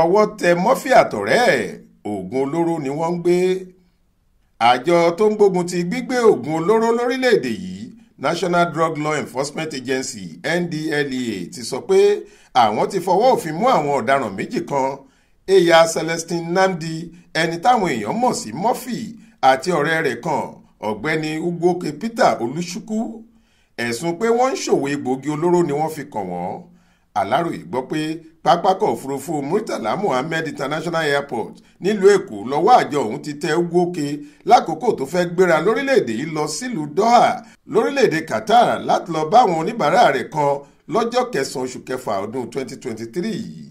ọwọ́ tẹ Murphy àtọ̀rẹ́ ẹ̀ oògùn olóró ni wọ́n ń gbé àjọ tó ń gbógun ti gbígbé oògùn olóró lórílẹ̀‐èdè yìí National Drug Law Enforcement Agency NDLEA ti sọ pé àwọn ti fọwọ́ òfin mú àwọn ọ̀daràn méjì kan eya Celestine Namdi ẹni táwọn èèyàn mọ̀ sí Murphy àti ọ̀rẹ́ rẹ̀ kan ọ̀gbẹ́ni Ugwoke Peter Olúṣukwu ẹ̀sùn pé wọ́n ń ṣòwò egbòogi olóró ni wọ́n fi kàn wọ́n aláròye gbọ́ pé pápákọ̀ òfurufú murtala muhammed international airport nílùú èkó lọ́wọ́ àjọ ọ̀hún ti tẹ Ugwoke lákòókò tó fẹ́ gbéra lórílẹ̀‐èdè yìí lọ sílùú doha lórílẹ̀‐èdè qatar láti lọ bá àwọn oníbàárà rẹ̀ kan lọ́jọ́ kẹsàn-án oṣù kẹfà ọdún 2023 yìí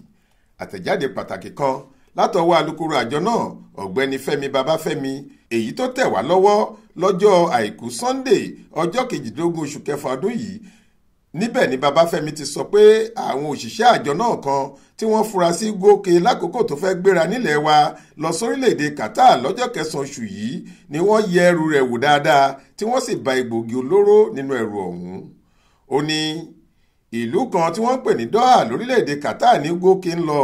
àtẹ̀jáde pàtàkì kan látọwọ́ alukoro àjọ náà ọ̀gbẹ́ni fẹ́mi babafẹ́mi èyí tó tẹ̀ wá lọ́wọ́ lọ́jọ́ àìkú sunday ọjọ́ kejìdínlógún oṣù kẹfà ọdún yìí níbẹ̀ ni babafẹ́mi ti sọ pé àwọn òṣìṣẹ́ àjọ náà kan tí wọ́n fura sí gòkè lákòókò tó fẹ́ gbéra nílẹ̀ wa lọ sórílẹ̀‐èdè Qatar lọ́jọ́ kẹsàn-án oṣù yìí ni wọ́n yẹ ẹrù rẹ̀ wò dáadáa tí wọ́n sì ba egbògi olóró nínú ẹrù ọ̀hún ó ní ìlú kan tí wọ́n ń pè ní Doha lórílẹ̀‐èdè Qatar ní gòkè ń lọ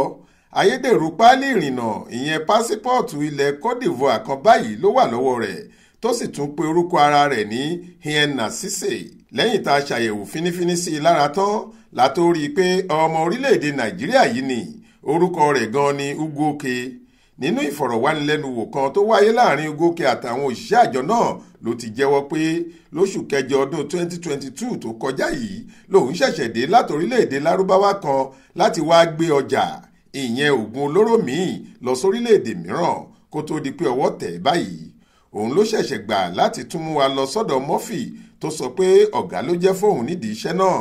ayédèrú páálí ìrìnnà ìyẹn pásípọ̀ọ̀tù ilẹ̀ Cote d'Ivoire kan báyìí ló wà lọ́wọ́ rẹ̀ tó sì tún pe orúkọ ara rẹ̀ ní hienna sise lẹ́yìn tá a ṣàyẹ̀wò fínífíní sí i lára tán la tó rí i pé ọmọ orílẹ̀-èdè nàìjíríà yìí ni orúkọ rẹ̀ gan ni ugoke nínú ìfọ̀rọ̀wánilẹ́nuwò kan tó wáyé láàrin ugoke àtàwọn òṣìṣẹ́ àjọ náà ló ti jẹ́wọ́ pé lóṣù kẹjọ ọdún 2022 tó kọjá yìí lòun ṣẹ̀ṣẹ̀ dé láti orílẹ̀-èdè lárúbáwá kan láti wáá gbé ọjà ìyẹn oògùn olóró míì lọ sórílẹ̀-èdè mìíràn kó tó di pé ọwọ́ tẹ̀ báyìí òun ló ṣẹ̀ṣẹ̀ gbà láti tún mú wa lọ sọ́dọ̀ Murphy tó sọ pé ọ̀gá ló jẹ́ fóun nídìí iṣẹ́ náà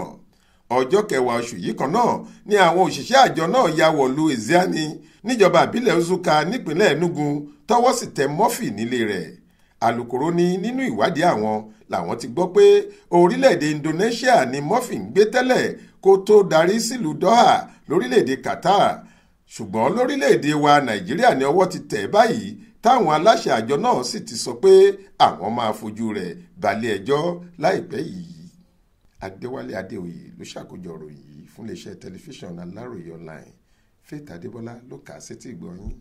ọjọ́ kẹwàá oṣù yìí kan náà ni àwọn òṣìṣẹ́ àjọ náà ya wọ̀lú Ezeani níjọba ìbílẹ̀ Nsukka nípínlẹ̀ Enugu tọ́wọ́ sì tẹ Murphy nílé rẹ̀ alukoro ní nínú ìwádìí àwọn làwọn ti gbọ́ pé orílẹ̀-èdè Indonesia ni Murphy ń gbé tẹ́lẹ̀ kó tó darí sílùú Doha lórílẹ̀-èdè Qatar ṣùgbọ́n lórílẹ̀-èdè wa Nàìjíríà ni ọwọ́ ti tẹ̀ báyìí táwọn aláṣẹ àjọ náà sì ti sọ pé àwọn máa fojú rẹ̀ balẹ̀-ẹjọ́ láìpẹ́ yìí adéwálé adéoyè ló ṣàkójọ ọ̀rọ̀ yìí fún iléeṣẹ́ tẹlifíṣàn aláròye online faith adébọlá ló kà á sétí ìgbọ́ yín.